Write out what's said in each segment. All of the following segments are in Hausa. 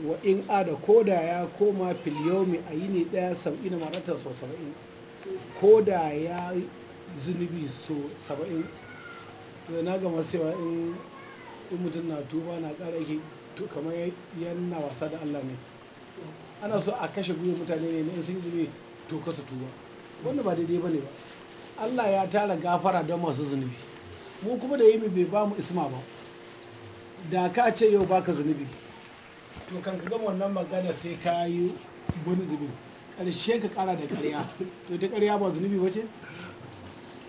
wa in ada ko da ya koma filiyomi a yini ɗaya saba'in maratar sau saba'in ko da ya zunubi so saba'in zai na gama cewa in mutum na tuba na ƙara yake kamar yana wasa da allah ne ana so a kashe gwiwa mutane ne na sun zunubi to kasa tuba wanda ba daidai ba ne ba allah ya tara gafara don masu zunubi mu kuma da yi bai ba mu isma ba da ka ce yau baka zunubi to kan ka gama wannan magana sai ka yi wani zubi shi ka ƙara da ƙarya to ta ƙarya ba zunubi ba ce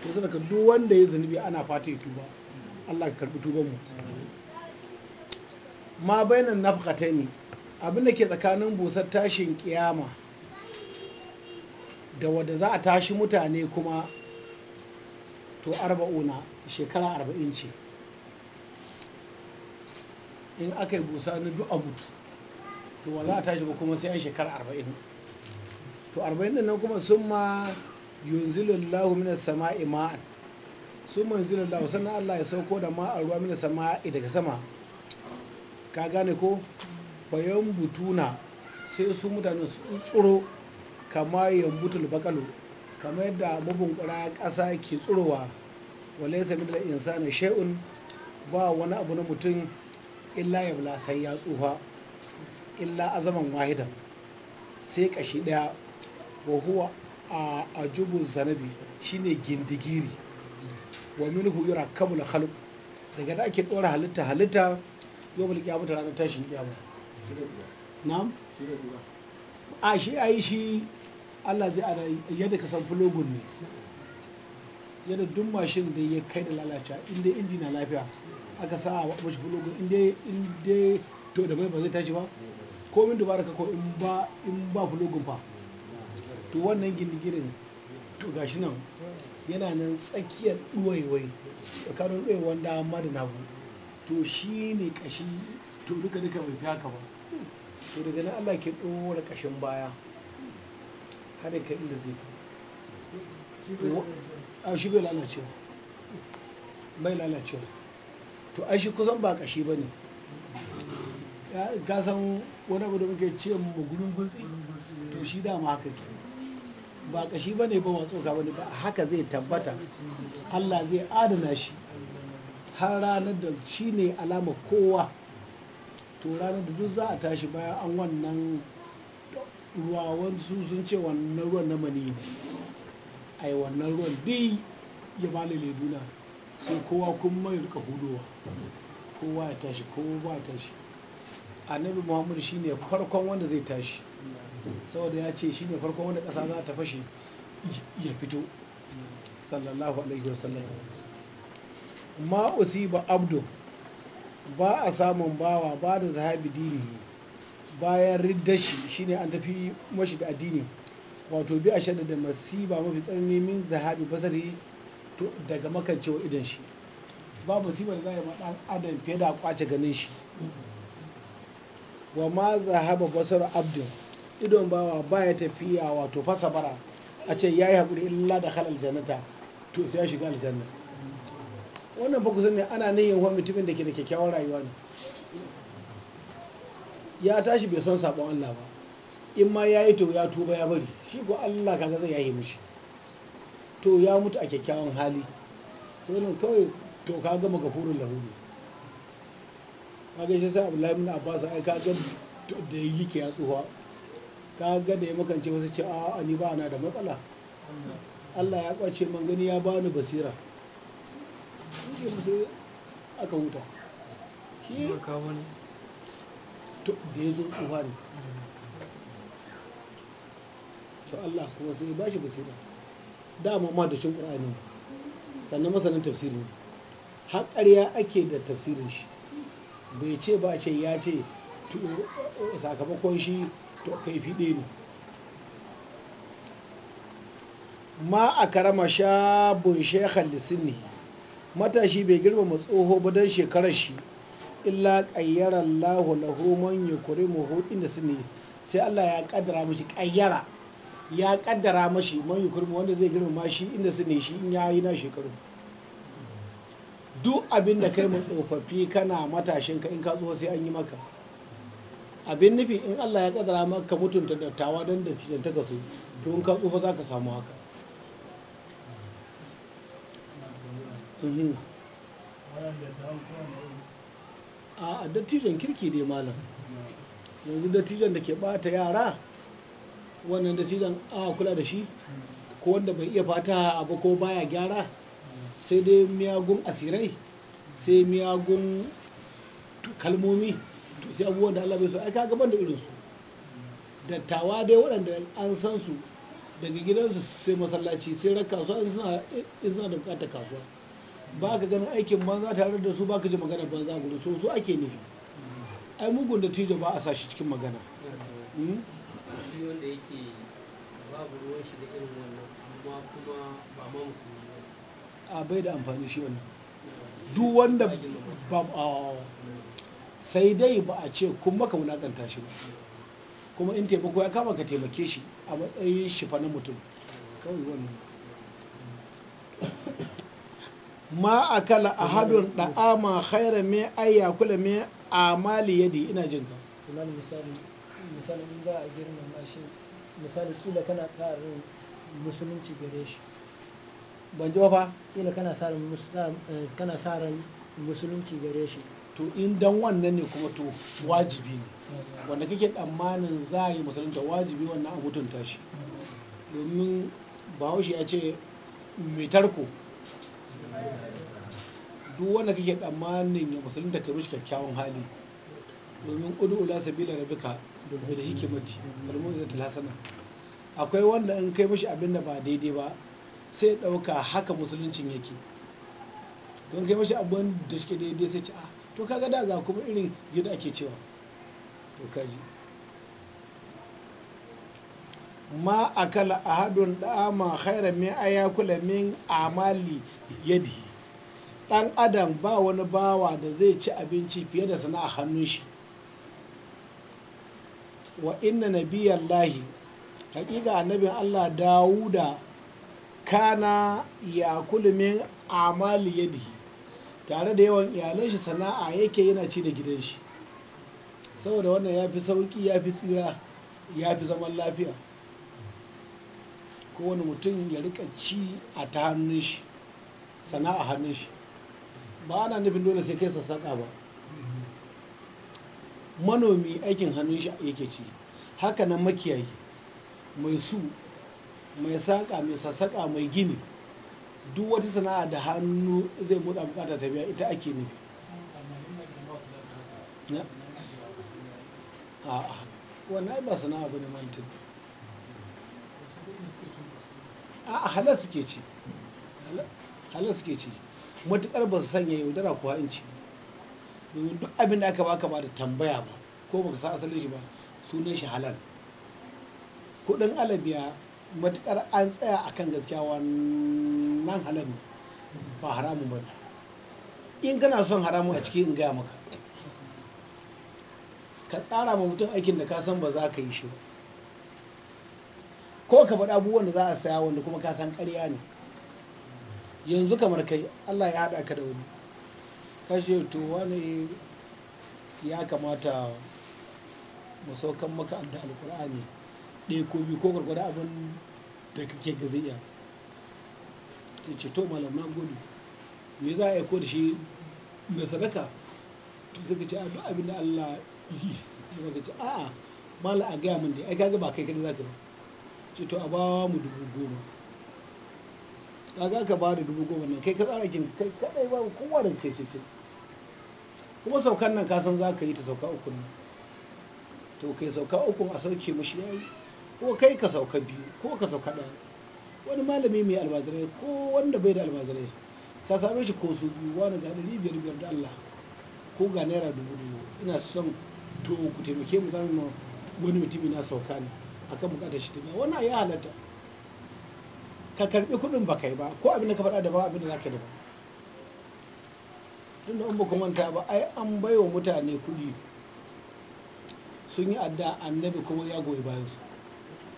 to sai ka duk wanda ya zunubi ana fata ya tuba Allah ka karɓi tuban mu ma bainan nafqataini abin da ke tsakanin busar tashin kiyama da wadda za a tashi mutane kuma to arba'una shekara arba'in ce in aka yi busa na duk a mutu to wa za a tashi ba kuma sai an shekara arba'in to arba'in din nan kuma sun ma yanzu lallahu minas sama'i ma yanzu lallahu sannan Allah ya sauko da ma'a ruwa minas sama'i daga sama ka gane ko bayan butuna sai su mutane su tsoro kama butul bakalo, kama yadda mabunkura ƙasa ke tsurowa wale sami da insani shay'un ba wani abu na mutum illa ya bula sai ya tsufa illa azaman wahidan sai kashi daya wa huwa a ajubu zanabi shine gindigiri wa hu yura kabul khalq daga da ake dora halitta halitta yau bul kiyamata ranar tashin kiyama na'am a shi ayi shi Allah zai ada yadda ka san fulogun ne yadda duk mashin da ya kai da lalacewa inda inji na lafiya aka sa a mashi bulogun inda inda to da mai ba zai tashi ba komin dubara ka ko in ba in ba bulogun fa to wannan gindigirin to gashi nan yana nan tsakiyar ɗuwaiwai tsakanin ɗuwaiwan amma da nagu to shi ne ƙashi to duka duka bai fi haka ba to daga nan Allah ke ɗora ƙashin baya har kai inda zai kai a shi bai lalacewa bai lalacewa to ai shi kusan ba kashi ba ne ka wani abu da muke ce gudun gutsi to shi dama haka ke ba kashi ba ne ba ma ka ba ne ba haka zai tabbata allah zai adana shi har ranar da shi ne alama kowa to ranar da duk za a tashi bayan an wannan ruwa wasu sun ce wannan ruwan na mani ne a yi wannan ruwan dai ya ba da leduna sai kowa kuma mai rika hudowa kowa ya tashi kowa ya tashi annabi muhammadu shine farkon wanda zai tashi saboda ya ce shine farkon wanda ƙasa za ta fashe ya fito sallallahu alaihi wasallam ma usiba abdu ba a samun bawa ba da zahabi dini bayan riddashi shine an tafi mashi da addini wato bi a shadda da masiba mafi tsanani min zahabi basari daga makancewa idan shi ba da za a yi ma adam fiye da kwace ganin shi wa ma zahaba basar abdin idon bawa baya tafiya wato fasa bara a ce ya yi haƙuri illa da halal janata to sai ya shiga aljanna wannan ba kusan ne ana yin wani mutumin da ke da kyakkyawar rayuwa ne ya tashi bai son sabon Allah ba in ma ya yi to ya tuba ya bari shi ko Allah kaga zai yahi mishi to ya mutu a kyakkyawan hali to nan kawai to ka gama gafurun lahu ka ga shi sai Abdullahi ibn Abbas ai ga da yi ke ya tsuwa ga da ya makance wasu ce a ni ba na da matsala Allah ya kwace man gani ya bani basira shi musu aka huta shi to da ya zo tsohuwa. ne to Allah kuma sai ba shi basira dama ma da cin qur'ani sannan masanin tafsiri ne har ake da tafsirin shi bai ce ba ce ya ce sakamakon shi to kai fiɗe ne ma a karama shabun shekhan lisinni matashi bai girmama tsoho ba don shekarar shi illa ƙayyara Allah lahu man yukrimuhu inda sinni sai Allah ya kaddara mishi ƙayyara ya kaddara mashi man kurmi wanda zai girmama shi inda su ne shi in ya yi na shekaru duk abin da kai mu tsofaffi kana matashin ka in ka tsoho sai an yi maka abin nufi in Allah ya kaddara maka mutunta dattawa don da cikin ta kasu to in ka tsoho za ka samu haka mhm. a dattijan kirki dai malam yanzu dattijan da ke bata yara wannan dattijan a kula da shi ko wanda bai iya fata abu ko baya gyara sai dai miyagun asirai sai miyagun kalmomi to sai abubuwan da Allah bai so ai ka gaban da irinsu dattawa dai waɗanda an san su daga gidansu sai masallaci sai ran kasuwa in suna da bukatar kasuwa ba ka ganin aikin banza tare da su ba ka ji magana banza gudu so su ake nufi ai mugun da tijo ba a sa shi cikin magana hmm? shi wanda yake babu ruwan shi da irin wannan amma kuma ba ma musulmi ba a bai da amfani shi wannan duk wanda ba sai dai ba a ce kun maka wulakanta shi ba kuma in taimako ya kama ka taimake shi a matsayin shi fa na mutum kawai wannan ma akala da da'ama khaira me ayya kula me amali yadi ina jin ka. misali in za a girmama shi misali kila kana ran musulunci gare shi ban ji ba kila eh, kana sa ran musulunci gare shi to in dan wannan ne kuma to wajibi ne wanda kake tsammanin za a yi musulunta wajibi wannan a mutunta shi domin bahaushe ya ce mai tarko duk wanda kake tsammanin ya musulunta ka rushe kyakkyawan hali domin ƙudu'ula ula sabila rabika da akwai wanda in kai mashi abin da ba daidai ba sai ya ɗauka haka musuluncin yake don kai mashi abin da suke daidai sai ce a ah, to kaga da ga kuma irin yadda ake cewa to kaji ma akala ahadun da'ama khaira min ayakula min amali yadi ɗan adam ba wani bawa da zai ci abinci fiye da sana'a hannun shi wa inna lahi, hakika annabin Allah Dawuda kana ya kulmin amali yadihi tare da yawan iyalan shi sana'a yake yana ci da gidan shi saboda wannan ya fi sauki ya fi tsira ya fi zaman lafiya kowane mutum ya rika ci a ta hannun shi sana'a hannun shi ba ana nufin dole sai kai sassaƙa ba manomi aikin hannun shi yake ci haka nan makiyayi mai su mai saƙa mai sassaƙa mai gini duk wata sana'a da hannu zai buɗa bukata ta biya ita ake ne a'a wannan ba sana'a bane mantin a halar suke ci halar suke ci matuƙar ba su sanya yaudara ko in ba domin duk abin da aka baka ba da tambaya ba ko baka san asalin shi ba sunan shi halal kudin alabiya matukar an tsaya a kan gaskiya wannan halal ba haramun ba in kana son haramun a ciki in gaya maka ka tsara ma mutum aikin da ka san ba za ka yi shi ba ko ka faɗi abubuwan da za a saya wanda kuma ka san ƙarya ne yanzu kamar kai Allah ya haɗa ka da wani kashe to wani ya kamata mu saukan maka da alkur'ani ɗaya ko biyu ko gwargwada abin da kake gaziya ta ce to malam na gudu me za a aiko da shi mai sadaka to sai ka ce abin da Allah yi ya ka ce a'a malam a gaya min dai ai kaga ba kai kada za ba ce to a ba mu dubu goma za ka ba da dubu goma nan kai ka tsara kin kai kadai ba kowa da kai sai kai kuma saukan nan ka san za ka yi ta sauka uku ne to kai sauka uku a sauke mushi yayi ko kai ka sauka biyu ko ka sauka ɗaya wani malami mai almajirai ko wanda bai da almajirai ka same shi ko su biyu wani ga ɗari biyar biyar da Allah ko ga naira dubu dubu ina son to ku taimake mu zama wani mutumi na sauka ne akan bukatar shi tafiya wannan ya halatta ka karbi kuɗin ba kai ba ko abin da ka faɗa da ba abin da za ka da ba tunda in baku manta ba ai an bai wa mutane kuɗi sun yi addu'a annabi kuma ya goyi bayan su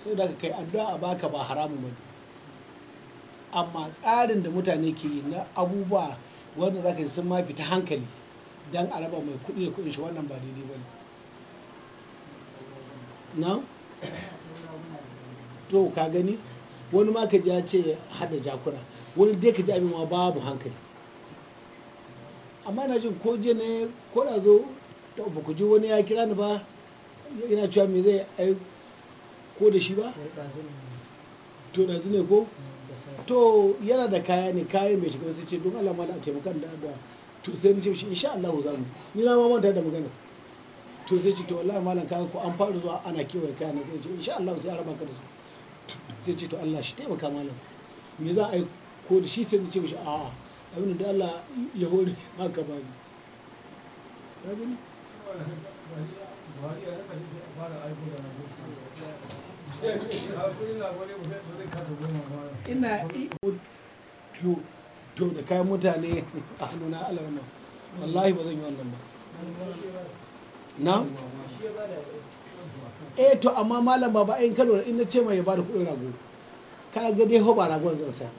sai da kai addu'a a baka ba haramun bane amma tsarin da mutane ke yi na abubuwa wanda zaka yi sun ma fita hankali dan a mai kuɗi da kuɗin shi wannan ba daidai bane na to ka gani wani ma ka ji ya ce hada jakuna wani dai ka ji abin ma babu hankali amma na jin ko je ne ko da zo to ba ku ji wani ya kira ni ba yana cewa me zai ai ko da shi ba to da ne ko mm, to yana da kaya ne kaya mai shiga sai ce don Allah mala a taimaka da addu'a to sai ni ce shi insha Allah za mu ni na ma manta da magana to sai ce to wallahi malam kaya ko an fara zuwa ana kewaye kaya ne sai ce insha Allah sai araba ka da su sai ce to Allah shi taimaka malam me za a yi ko da shi sai ni ce shi a'a abin da Allah ya hori maka ba ne ka gani ina to da kayan mutane a hannuna Allah wannan wallahi ba zan yi wannan ba na eh to amma malam ba in kano in na ce mai ya bada kuɗin rago ka ga dai ho ba ragon zan saya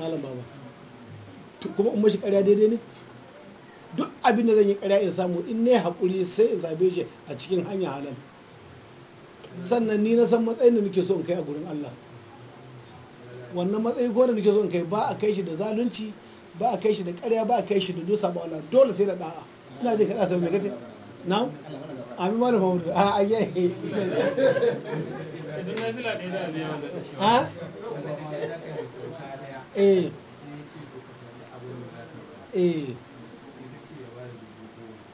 malam ba. kuma in mashi ƙarya daidai ne duk abin da zan yi ƙarya in samu in ne haƙuri sai in zabe shi a cikin hanya halal sannan ni na san matsayin da nake so in kai a gurin Allah wannan matsayi ko da nake so in kai ba a kai shi da zalunci ba a kai shi da ƙarya ba a kai shi da dusa ba Allah dole sai da da'a ina jin kaɗa saboda kace ah, na amin ma da fahimu a ayyaye eh Eh.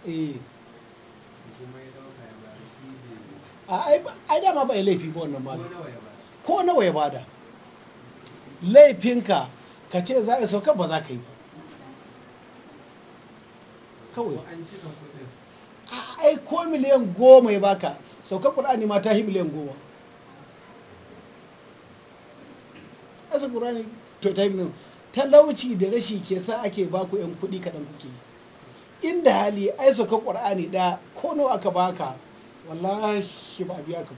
Eh. ai dama ba laifi ba wannan malam ko nawa ya bada laifinka ka ce za a sauka ba za ka yi kawai ai ko miliyan goma ya baka saukar ƙur'ani ma ta yi miliyan goma asa ƙur'ani to ta yi miliyan talauci da rashi ke sa ake baku yan kuɗi kaɗan kuke inda hali ai sauka Qur'ani ɗaya ko nawa aka baka wallahi ba biya ka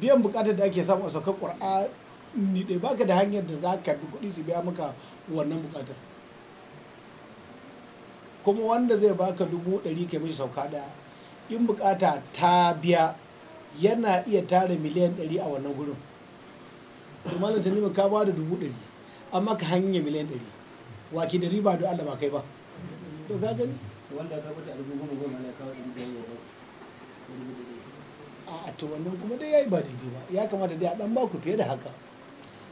biyan buƙatar da ake samu a sauka ƙur'ani ɗaya baka da hanyar da za ka bi kuɗi su biya maka wannan buƙatar kuma wanda zai baka dubu ɗari ka mishi sauka ɗaya in buƙata ta biya yana iya tara miliyan ɗari a wannan gurin. Tumalin Tanimu ka ba da dubu ɗari. an maka hanyar miliyan ɗari wa ke da riba don Allah ba kai ba to ga gani wanda ka bata dubu goma goma ne kawo ɗari goma a to wannan kuma dai ya yi ba daidai ba ya kamata dai a ɗan baku fiye da haka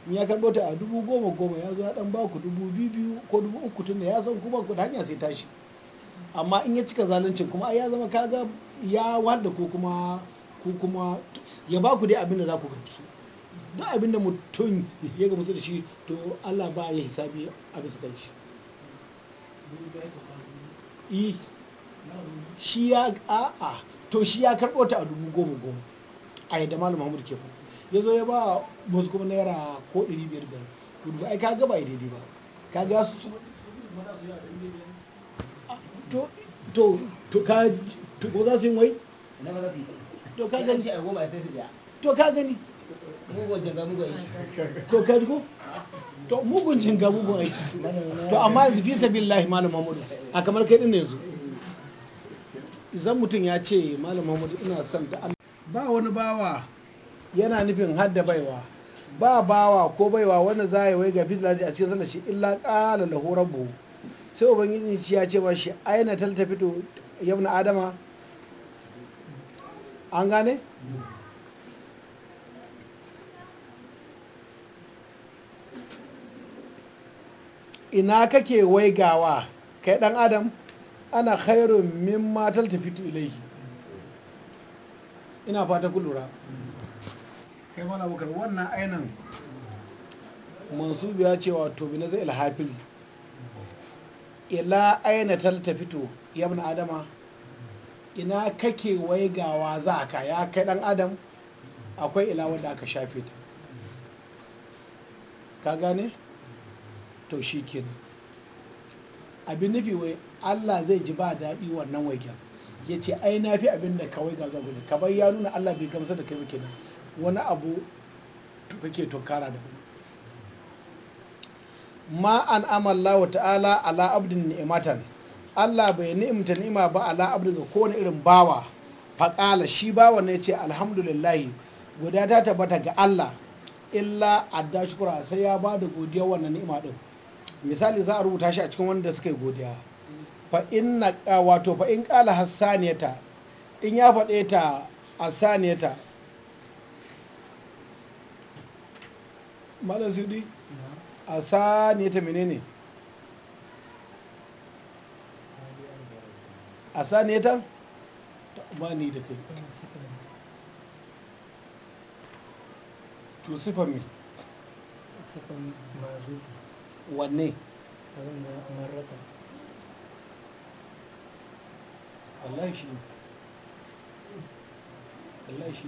in ya karɓo ta a dubu goma goma ya zo ya ɗan baku dubu biyu biyu ko dubu uku tun da ya san kuma ku hanya sai tashi amma in ya cika zalunci kuma ya zama kaga ya wanda ko kuma ko kuma ya baku dai abin da za ku gamsu duk abin da mutum ya ga da shi to Allah ba ya hisabi a bisa kan shi eh, shi ya a'a to shi ya karɓo ta a dubu goma goma a yadda malam Muhammad ke ku ya zo ya ba wasu kuma naira ko ɗari biyar biyar to dubu ai kaga ba daidai ba kaga su to to to ka to ko za su yi wai to ka gani to ka gani mugun jinga mugun aiki to ka ji ko to mugun jinga mugun aiki to amma yanzu fi sabilillahi malam Muhammadu a kamar kai din ne yanzu idan mutum ya ce malam Muhammadu ina son da ba wani bawa yana nufin hadda baiwa ba bawa ko baiwa wanda za yi wai ga filaji a cikin sanar shi illa ƙala horar buhu sai ubangiji ya ce ba shi aina talta fito yamna adama an gane ina kake waigawa kai dan adam ana khairun min matal tafitu ilaihi ina fata ku lura kai mana bukar wannan ainihin mansubi ya ce wato bi nazar ilhafil ila aina tal tafitu yabn adama ina kake waigawa za ka ya kai dan adam akwai ila wanda aka shafe ta ka gane to shi kenan abin nufi wai Allah zai ji ba daɗi wannan waigen ya ce ai na fi abin da kawai ga gudu kamar ya nuna Allah bai gamsa da kai ba kenan wani abu kake tunkara da ma an amalla wa ta'ala ala abdin ni'matan Allah bai ni'imta ni'ima ba ala abdin ga kowane irin bawa faƙala shi bawa ne ce alhamdulillahi guda ta tabbata ga Allah illa adda shukura sai ya ba da godiya wannan ni'ima din misali za a rubuta shi a cikin wanda suka yi godiya fa inna wato fa in qala hasaniyata in ya faɗe ta hassaniyata malam sudi hasaniyata menene hassaniyata ta amani da kai to sifa me sifa mazuki wanne wallahi shi wallahi shi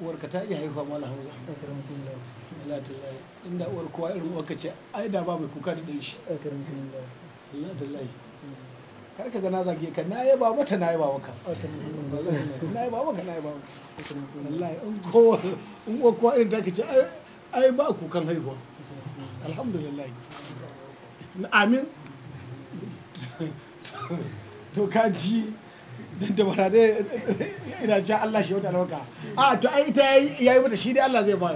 uwarka ta iya haifa mala hausa alhamdulillah inda uwar kowa irin uwarka ce ai da ba mai kuka da ɗan shi alhamdulillah mm. kar ka gana zage ka na yaba mata na yaba maka na yaba maka na yaba maka wallahi in kowa in kowa irin ta ce ai ba kukan haihuwa alhamdulillah amin to kaji da bara dai ina ja Allah shi wata albarka a to ai ita yayi mata shi dai Allah zai ba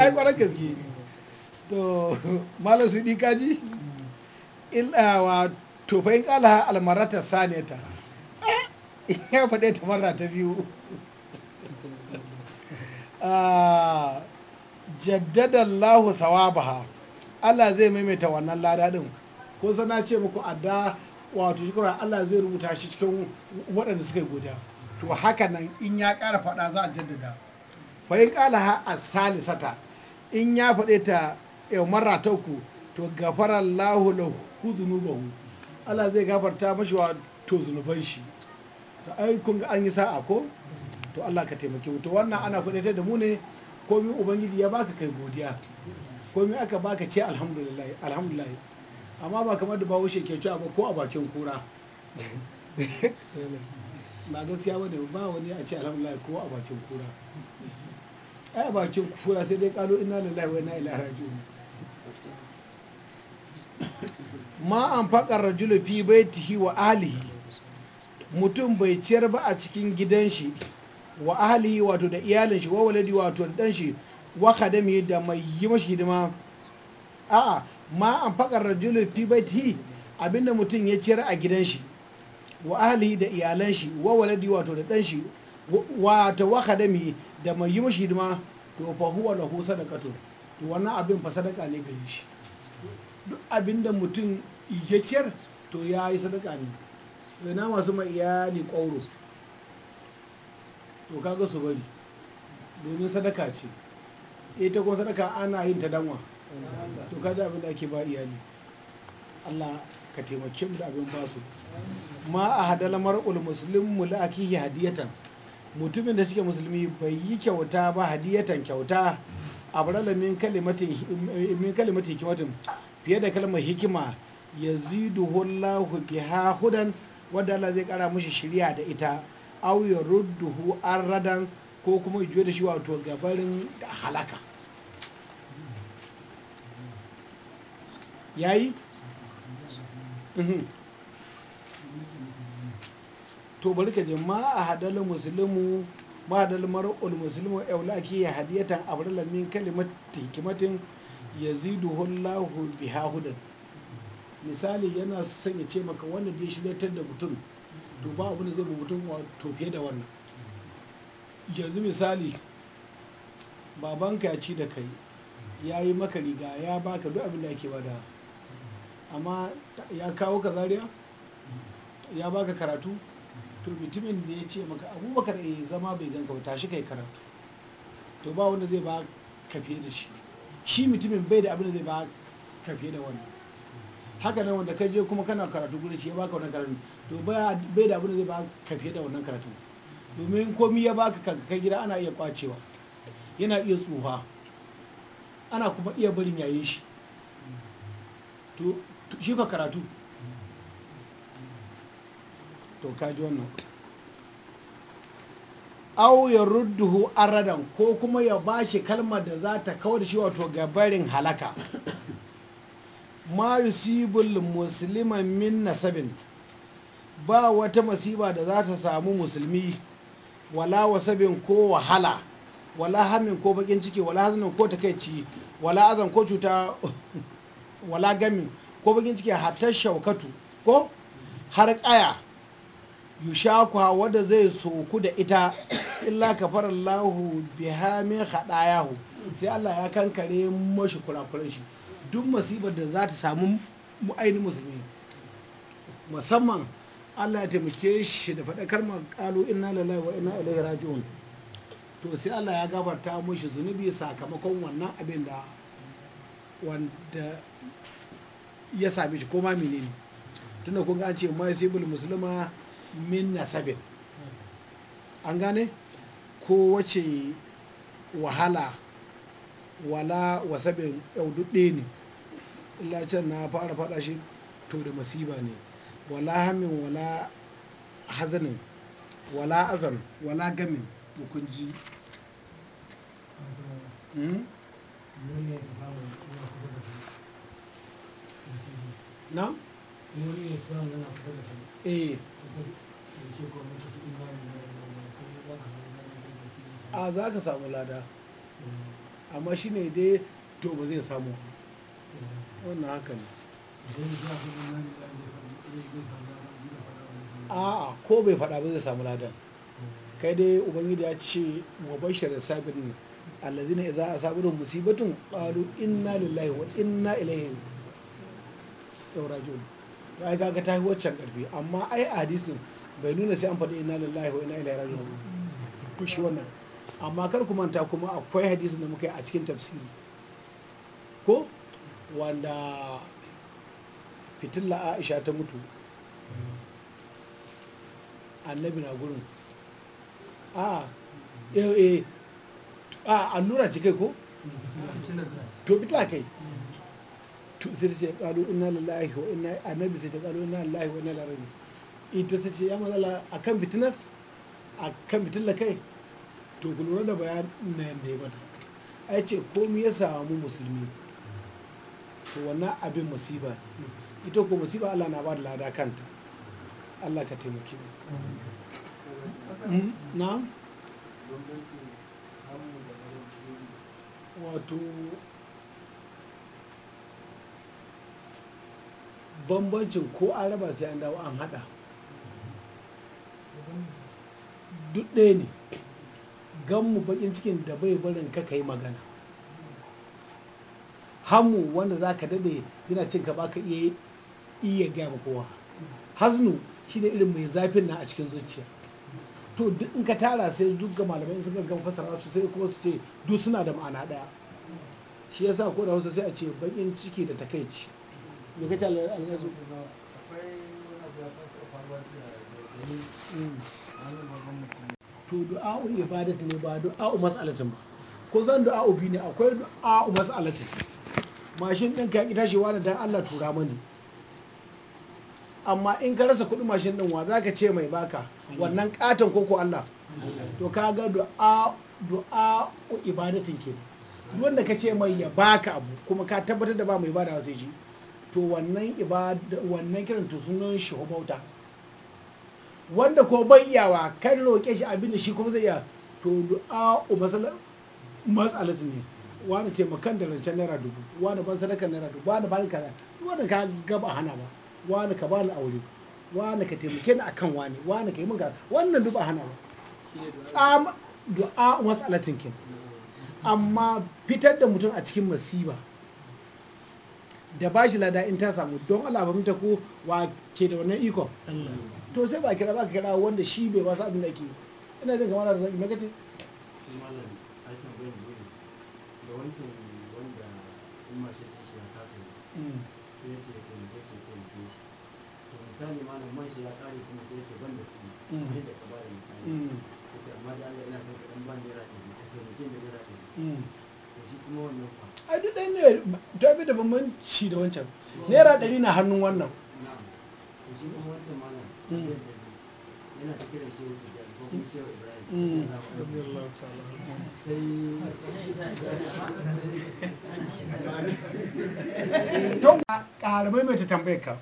ai kwarar gaske to malam su di kaji illa wa to fa in kala almarata saniyata eh, ya faɗe ta marra ta biyu ah, jaddadallahu sawabaha Allah zai maimaita wannan lada din ko sana ce muku adda wato shukura Allah zai rubuta shi cikin waɗanda suka yi guda. to haka nan in ya ƙara faɗa za a jaddada fa in ƙala ha a salisata in ya faɗe ta e, marra ta uku to gafara lahu lahu zunubahu Allah zai gafarta mashi wa to zunuban shi to ai kun ga an yi sa'a ko to Allah ka taimake mu to wannan ana kuɗe da mu ne komi ubangiji ya baka kai godiya komi aka baka ce alhamdulillah amma ba kamar da bawo shi ke cewa ba ko a bakin kura ba gaskiya bane ba wani a ce alhamdulillah ko a bakin kura ai a bakin kura sai dai kalo inna lillahi wa inna ilaihi raji'un ma an faƙar rajulu fi baitihi wa alihi mutum bai ciyar ba a cikin gidan shi wa ahli wato da iyalin shi wa waladi wato da dan shi wa khadami da mai yi mashi hidima a'a ma an faƙar rajulu fi baiti abinda mutum ya ciyar a gidan shi wa ahli da iyalan shi wa waladi wato da dan shi wato wa khadami da mai yi mashi hidima to fa huwa lahu sadaqatu to wannan abin fa sadaka ne gare shi duk abinda mutum ya ciyar to ya yi sadaka ne ina masu mai iyali ƙwauro to kaga su bari domin sadaka ce ita kuma sadaka ana yin ta danwa to kaga abin da ake ba iyali Allah ka taimake mu da abin ba su ma a hadal mar'ul muslim mulaki hadiyatan mutumin da suke musulmi bai yi kyauta ba hadiyatan kyauta a min kalimatin hikimatin fiye da kalmar hikima ya zidu hullahu biha hudan wadda Allah zai kara mushi shirya da ita au ya rudduhu radan ko kuma juya da shi wato gabarin da halaka yayi mhm. to bari ka jima a hadalin musulmi ma hadal mar'ul yau aulaki ya hadiyatan abrala min kimatin ya yaziduhu Allahu biha hudan misali yana son ya ce maka wanda da ya shiryatar da mutum to ba abin da zai mutum to fiye da wannan yanzu misali babanka ya ci da kai ya yi maka riga ya baka duk abin da ake bada amma ya kawo ka zariya ya baka karatu to mutumin da ya ce maka abubakar ya eh, zama bai ganka ba tashi kai karatu to ba wanda zai ba ka fiye da shi shi mutumin bai da abin da zai ba ka fiye da wannan haka nan wanda ka je kuma kana karatu gudun shi ya baka wannan karatu to bai da abin da zai ba ka fiye da wannan karatu domin komi ya baka kanka kai gida ana iya kwacewa yana iya tsufa ana kuma iya barin yayin shi to shi fa karatu to kaji wannan au ya rudduhu aradan ko kuma ya bashi kalmar da za ta kawar shi wato gabarin halaka ma yusibul musliman min nasabin ba wata masiba da za ta samu musulmi wala wasabin ko wahala wala hamin ko bakin ciki wala hazanin ko takaici wala azan ko cuta wala gami ko bakin ciki hatta shaukatu ko har kaya yushakuha wadda zai soku da ita illa kafarallahu biha min hadayahu sai Allah ya kankare mashi kula shi duk masibar da za ta samu ainihin musulmi musamman allah ya taimake shi da faɗakar kalmar ƙalu inna lillahi wa inna ilaihi raji'un to sai allah ya gabata mushi zunubi sakamakon wannan abin da wanda ya sami shi koma menene tunda kun an ce masibul musulma min nasabin an gane ko wace wahala wala wasabin yau ne illa can na fara faɗa shi to da masiba ne wala hamin wala hazanin wala azan wala gamin hukunji hmm? na? Eh. a za ka samu lada amma shine dai to ba zai samu wannan haka ne a'a ko bai faɗa ba zai samu ladan kai dai ubangiji ya ce wa bashar sabirin allazina idza asabatuhum musibatun qalu inna lillahi wa inna ilaihi raji'un to ai kaga ta waccan karfi amma ai hadisin bai nuna sai an faɗi inna lillahi wa inna ilaihi raji'un to shi wannan amma kar ku manta kuma akwai hadisin da muka yi a cikin tafsiri ko wanda fitilla aisha ta mutu annabi na gurin a eh, eh, a allura ce kai ko to fitila kai to sai ta ce kalu inna lillahi wa ina annabi sai ta kalu inna lillahi wa ina ilaihi ita ta ce ya a kan fitinas kan fitilla kai to ku da bayan na yadda ya mata ai ce komai ya samu musulmi to wannan abin musiba ne ita ko musiba Allah na ba da lada kanta Allah ka taimake mu hmm? na wato bambancin ko an raba sai an dawo an hada duk ɗaya ne gan mu bakin cikin da bai barin ka kai magana hamu wanda za ka dade yana cin ka baka iya iya gaya ma kowa haznu shine irin mai zafin nan a cikin zuciya to duk in ka tara sai duk ga malamai sun ga fasara su sai kuma su ce duk suna da ma'ana daya shi yasa ko da wasu sai a ce bakin ciki da takaici me kace alhaji to du'a'u ibadatu ne ba du'a'u mas'alatin ba ko zan du'a'u bi ne akwai du'a'u mas'alatin mashin ɗin ka tashi wani dan Allah tura mani amma in ka rasa kuɗin mashin ɗin wa zaka ce mai baka wannan katon koko Allah to ka ga du'a du'a ibadatin ke duk wanda ka ce mai ya baka abu kuma ka tabbatar da ba mai bada sai ji to wannan ibada wannan kiran to sunan shi bauta wanda ko bai iyawa kan roƙe shi abin da shi kuma zai iya to du'a masalatin ne wani taimakon da rancen naira dubu wani ban sadaka naira dubu wani bani kaza wani ka gaba hana ba wani ka bani aure wani ka taimake ni akan wani wani ka yi min wannan wannan a hana ba tsama du'a matsalatin kin amma fitar da mutum a cikin masiba da ba shi lada in ta samu don Allah fahimta ko wa ke da wannan iko. to sai ba kira ba ka kira wanda shi bai ba su abin da ke ina jin kamar da zaki me kace da wancan wanda in mashi ɗin shi ya kafa ne sai ya ce ya taimake shi taimake shi to misali malam man shi ya ƙare kuma sai ya ce ban da kuɗi yadda mm. ka ba da misali mm. ya ce amma da Allah ina son ka ɗan ba ni naira ɗari ka taimake ni da naira ɗari mm. to shi kuma wannan fa ai duk ɗan ne ta bi da bambanci da wancan naira ɗari na hannun wannan to shi kuma wancan malam Mm. to mai ta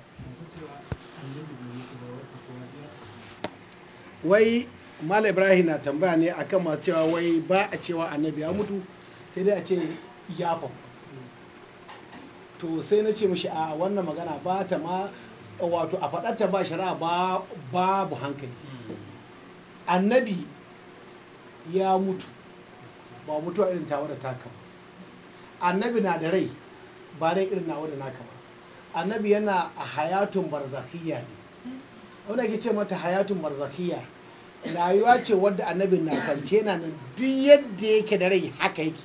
wai mala ibrahim na tambaya ne kan masu cewa wai ba a cewa annabi ya mutu sai dai a ce ya fa to sai na ce mishi a wannan magana ba ta ma wato a faɗarta ba shari'a ba babu hankali annabi ya mutu ba mutuwa irin tawa da taka ba annabi na da rai ba rai irin nawa da naka ba annabi yana a hayatun barzakiya ne wanda ke ce mata hayatun barzakiya rayuwa ce wadda annabi na kwance yana nan duk yadda yake da rai haka yake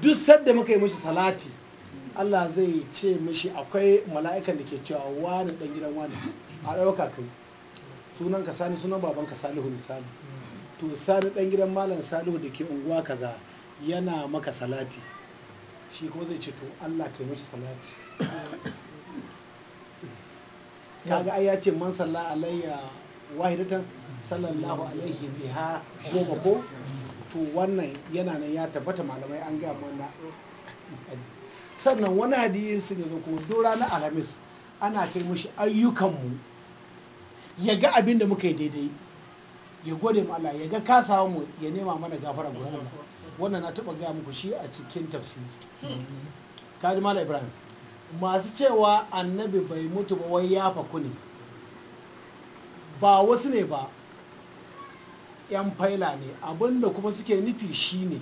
duk sadda muka yi mishi salati Allah zai ce mishi akwai mala'ikan da ke cewa wani dan gidan wani a ɗauka kai sunan ka sani sunan baban ka salihu misali mm. to sani dan gidan malam salihu da ke unguwa kaza yana maka salati shi kuma zai ce to Allah kai mishi salati kaga ai ya ce man salla alayya wahidatan sallallahu alaihi biha goma ko to wannan yana nan ya tabbata malamai an gaya mana sannan wani hadisi ne da kuma duk ranar alhamis ana kai mishi ayyukanmu ya ga abin da muka yi daidai ya gode mu Allah ya ga samu mu ya nema mana gafara gurin Allah wannan na taba gaya muku shi a cikin tafsiri Kadimala mala ibrahim masu cewa annabi bai mutu ba wai ya faku ne ba wasu ne ba yan faila ne abinda kuma suke nufi shine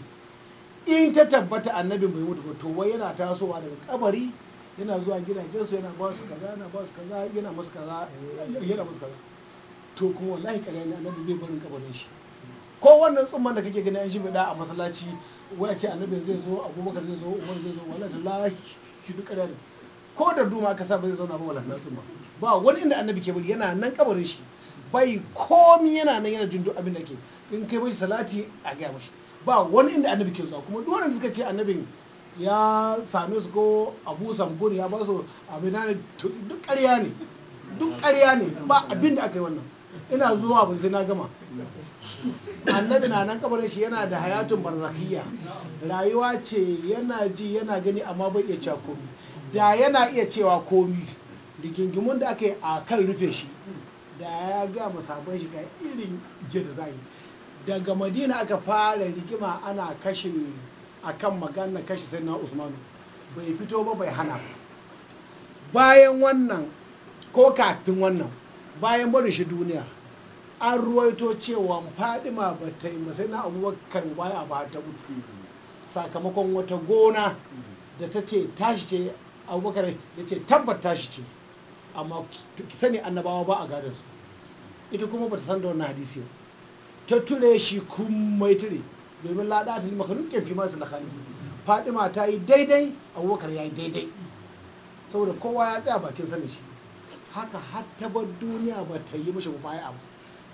in ta tabbata annabi bai mutu ba to wai yana tasowa daga kabari yana zuwa gidajensu yana ba su kaza yana ba su kaza yana musu kaza eh, yana musu kaza to kuma wallahi kare ne annabi bai barin kabarin shi ko wannan tsumman da kake gani an shimfiɗa a masallaci wai ce annabi zai zo abubakar zai zo umar zai zo wallahi tallahi shi duk kare ne ko da duma aka sa ba zai zauna ba wallahi tsumma ba wani inda annabi ke bari yana nan kabarin shi bai komi yana nan yana jindu abin da ke in kai mashi salati a gaya mashi ba wani inda annabi ke zuwa kuma duk wanda suka ce annabin ya same su ko abu samgur ya ba su abin na duk ƙarya ne duk ƙarya ne ba abin da aka yi wannan ina zuwa abin sai na gama annabi na nan kabarin shi yana da hayatun barzakiya rayuwa ce yana ji yana gani amma bai iya cewa komi da yana iya cewa komi rigingimun da aka yi a kan rufe shi da ya ga musabban shi ga irin je da za daga madina aka fara rigima ana kashe akan magana kashe sai na usmanu bai fito ba bai hana ba bayan wannan ko kafin wannan bayan barin shi duniya an ruwaito cewa fadima ba ta yi masai na abubakar baya ba ta mutu sakamakon wata gona da ta ce tashi ce abubakar ya ce tabbat tashi ce amma ki sani annabawa ba a gadon su ita kuma ba ta san da wannan hadisi ta ture shi kuma ture domin lada ta lima kalukin fi masu lakhaliki fadima ta yi daidai abubakar ya yi daidai saboda kowa ya tsaya bakin sanin shi haka har ta bar duniya ba ta yi mishi baya abu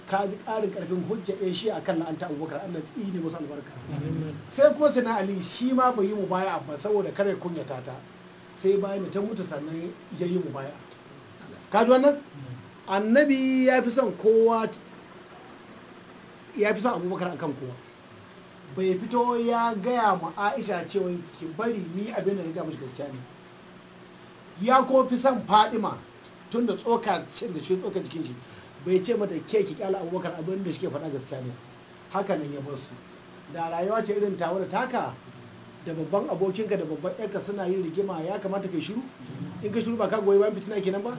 ka ji ƙarin ƙarfin hujja ɗaya shi kan la'anta abubakar allah tsini ne masu albarka sai kuma sina ali shi ma bai yi mu baya ba saboda kare kunyata ta sai bayan ta mutu sannan ya yi mu baya ka ji wannan annabi ya fi son kowa ya fi son abubakar akan kowa bai fito ya gaya ma aisha cewa ki bari ni abin da ya mashi gaskiya ne ya ko fi son fadima tun da tsoka ce da shi tsoka jikin shi bai ce mata ke ki kyala abubakar abin da shi ke faɗa gaskiya ne haka nan ya basu da rayuwa ce irin da taka da babban abokinka da babban yarka suna yin rigima ya kamata kai shiru in ka shiru ba ka goyi bayan fitina kenan ba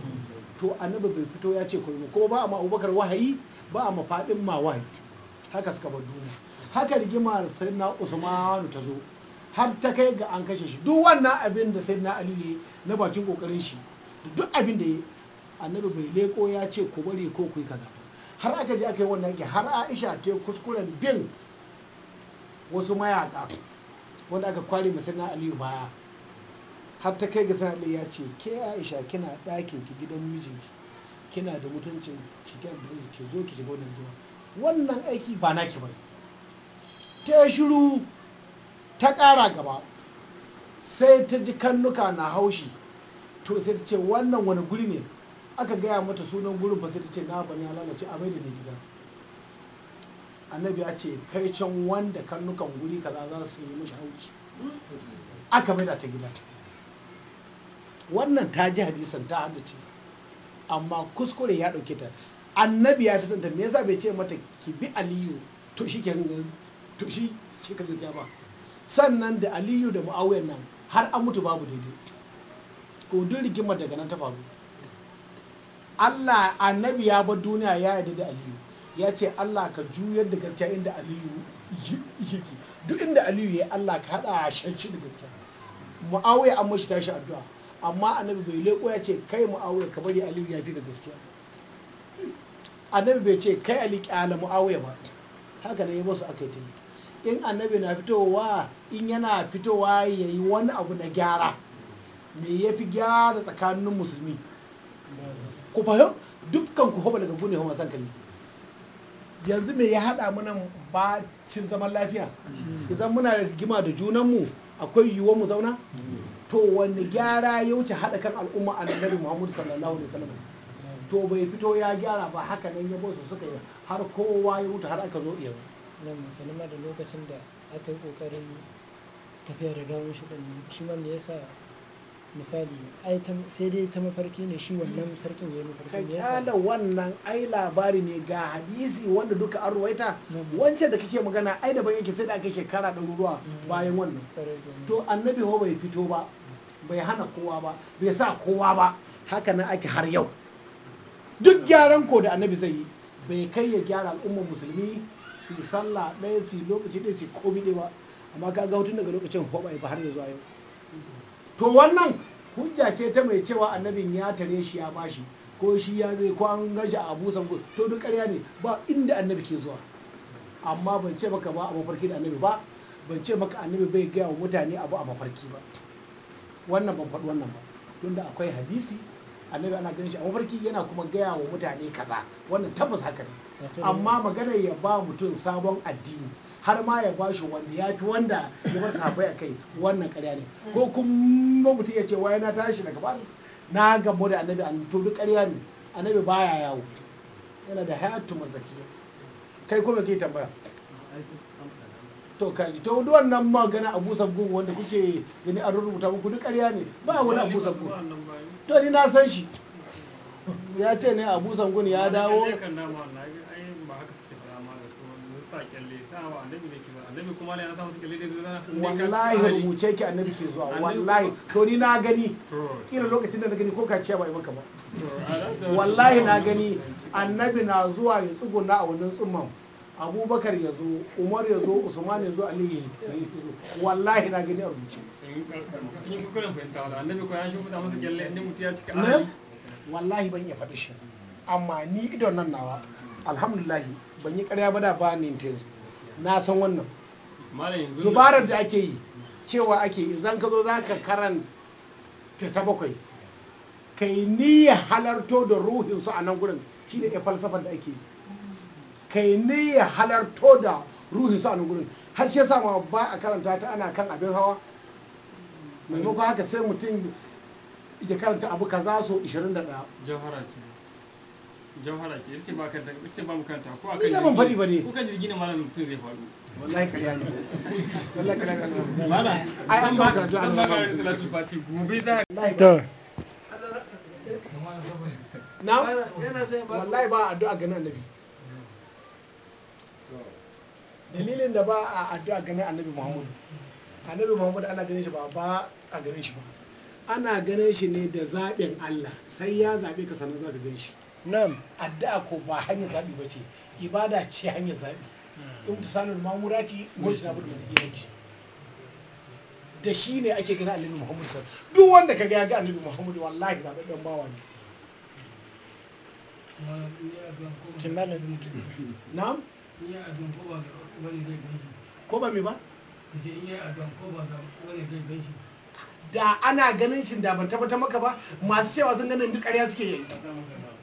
to annabi bai fito ya ce komai ko ba a ma abubakar wahayi ba a ma fadin ma wahayi haka suka bar duniya haka rigimar sayyidina usmanu ta zo har ta kai ga an kashe shi duk wannan abin da sayyidina ali ne na bakin kokarin shi Da duk abin da ya annabi bai leko ya ce ku bari ko ku yi kaza har aka je aka yi wannan ki har aisha ta kuskuren bin wasu mayaka wanda aka kware masana aliyu baya har ta kai ga ali ya ce ke aisha kina dakin ki gidan mijinki kina da mutuncin ki kina da ki zo ki shiga wannan jama'a wannan aiki ba naki bane ta shiru ta ƙara gaba sai ta ji kannuka na haushi to sai ta ce wannan wani guri ne aka gaya mata sunan gurin ba sai ta ce na bani ya lalace a da ne gida annabi ya ce kai can wanda kannukan guri kaza za su yi mashi haushi aka maida ta gida wannan ta ji hadisan ta hada ce amma kuskure ya ɗauke ta annabi ya fi santa me yasa bai ce mata ki bi aliyu to shi ke to shi ce ka gaskiya ba sannan da aliyu da mu'awiyar nan har an mutu babu daidai ko duk rigimar daga nan ta faru Allah annabi ya bar duniya ya yarda da aliyu ya ce Allah ka juyar da gaskiya inda aliyu yake duk inda aliyu ya Allah ka hada shanci da gaskiya mu'awiya an mashi tashi addu'a amma annabi bai leko ya ce kai mu'awiya ka bari aliyu ya fi da gaskiya annabi bai ce kai ali kyala mu'awiya ba haka ne ya basu aka yi ta yi in annabi na fitowa in yana fitowa ya yi wani abu na gyara me ya fi gyara tsakanin musulmi ku fahim dukkan ku hoba daga gune homer sankali yanzu me ya haɗa mana bacin zaman lafiya idan muna rigima da junanmu akwai yiwuwar mu zauna to wani gyara ya wuce haɗa kan al'umma annabi muhammadu sallallahu alaihi wasallam to bai fito ya gyara ba haka nan ya su suka yi har kowa ya wuta har aka zo yanzu nan musamman da lokacin da aka yi ƙoƙarin tafiya da gawon shi ɗin shi ma ya yasa misali sai dai ta mafarki ne shi wannan sarkin ya yi mafarki ne yasa wannan ai labari ne ga hadisi wanda duka an ruwaita wancan da kake magana ai da ban yake sai da aka shekara ɗaruruwa bayan wannan to annabi ho bai fito ba bai hana kowa ba bai sa kowa ba haka nan ake har yau duk gyaran ko da annabi zai yi bai kai ya gyara al'ummar musulmi su yi sallah ɗaya su yi lokaci ɗaya su komi ɗaya ba amma ka ga hutun daga lokacin hoba ba har yanzu zuwa yau to wannan hujja ce ta mai cewa annabin ya tare shi ya bashi ko shi ya zai ko an gaji a busan ko to duk ƙarya ne ba inda annabi ke zuwa amma ban ce maka ba a mafarki da annabi ba ban ce maka annabi bai gaya wa mutane abu a mafarki ba wannan ban faɗi wannan ba tunda akwai hadisi annabi ana ganin shi a mafarki yana kuma gaya wa mutane kaza wannan tabbas haka ne amma magana ya ba mutum sabon addini har ma ya ba shi wanda ya fi wanda ya bar sahabbai a kai wannan karya ne ko kuma mutum ya ce wai na tashi daga ba na gamo da annabi an to duk karya ne annabi baya yawo yana da hayatu mazaki kai kuma ke tambaya to kaji to duk wannan magana Abu Sabgu wanda kuke gani an rubuta muku duk ƙarya ne ba wani Abu Sabgu to ni na san shi ya ce ne Abu Sabgu ya dawo sa kyalle ta annabi ne ba annabi kuma ya sa masa kyalle da wallahi rubuce ki annabi ke zuwa wallahi to ni na gani kila lokacin da na gani ko kaciya ba maka ba wallahi na gani annabi na zuwa ya tsuguna a wannan tsumman abubakar ya zo umar ya zo usman ya zo ali ya wallahi na gani a rubuce sun yi fahimta wala annabi ko ya shi masa kyalle mutu ya cika wallahi ban iya faɗi shi amma ni idon nan nawa alhamdulahi ban yi karya ba da ba ni yanzu na san wannan dubarar da ake yi cewa ake zan ka zo za ka karanta ta bakwai kai niyya halarto da ruhinsu a nan gurin shi ne falsafar da ake yi kai niyya halarto da ruhinsu a nan gurin har shi yasa ma ba a karanta ta ana kan abin hawa maimakon haka sai mutum ya karanta abu kaza so 21 jamhara ke ba kanta ba mu kanta ko akan ba ko kan mutum zai wallahi wallahi mala ai an ba ba fati gobe to na wallahi ba addu'a ga annabi dalilin da ba a addu'a ga annabi annabi ana ganin shi ba ba a ganin shi ba ana ganin shi ne da zaɓin allah sai ya zaɓe ka sannan za ka gan shi nan addu'a ko ba hanyar zaɓi ba ce ibada ce hanyar zaɓi in tusanul mamurati wajen abu da gidanci da shi ne ake gina annabi muhammadu sa duk wanda ka ga ga annabi muhammadu wallahi zaɓe ɗan bawa ne na'am ko ba ba da ana ganin shi da ban tabbata maka ba masu cewa sun ganin duk ƙarya suke yi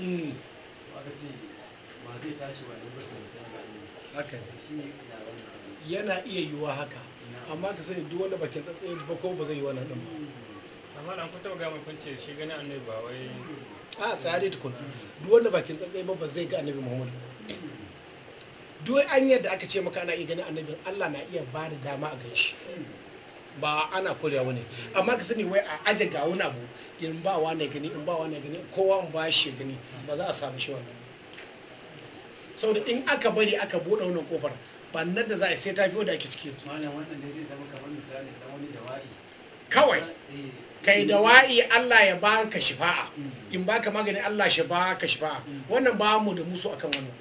Mm. aka yana iya yiwa haka amma ka sani duk wanda bakin tsatsaye ba ko ba zai yi wannan din ba mm. da ba mm. a tsare tukun ba ba zai ga Muhammadu duk an yadda aka ce maka ana iya ganin annabin Allah na iya ba da dama a gaishe ba ana korewa wani, amma ka sani wai a aje ga wani abu in ba wa na gani in ba wa na gani kowa in ba shi gani ba za a samu shi wannan saboda in aka bari aka buɗe wannan kofar bannan da za a sai ta fi da ake ciki malam wannan da zai zama kamar misali da wani dawa'i kawai eh. kai dawa'i Allah ya baka shifa'a mm. in baka magani Allah shi baka shifa'a mm. wannan ba mu da musu akan wannan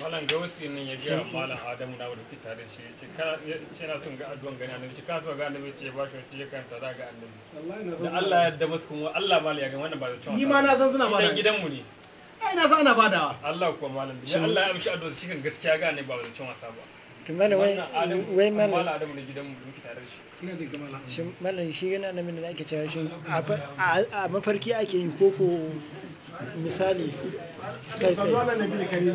malam gausi nan ya ga malam adamu na wuri fita da shi ce ka ce na son ga addu'an gani annabi ce ka so ga annabi ce ba shi wacce ya kanta za ga annabi da Allah ya da musu kuma Allah malam ya ga wannan ba da cewa ni ma na san suna ba dan gidan mu ne ai na san ana badawa Allah kuwa malam bi Allah ya mishi addu'a shi kan gaskiya ga ne ba da cewa sa ba mana wai wai malam malam adamu da gidan mu muke da shi ina da malam shi malam shi yana nan da ake cewa shi a mafarki ake yi koko misali kai sai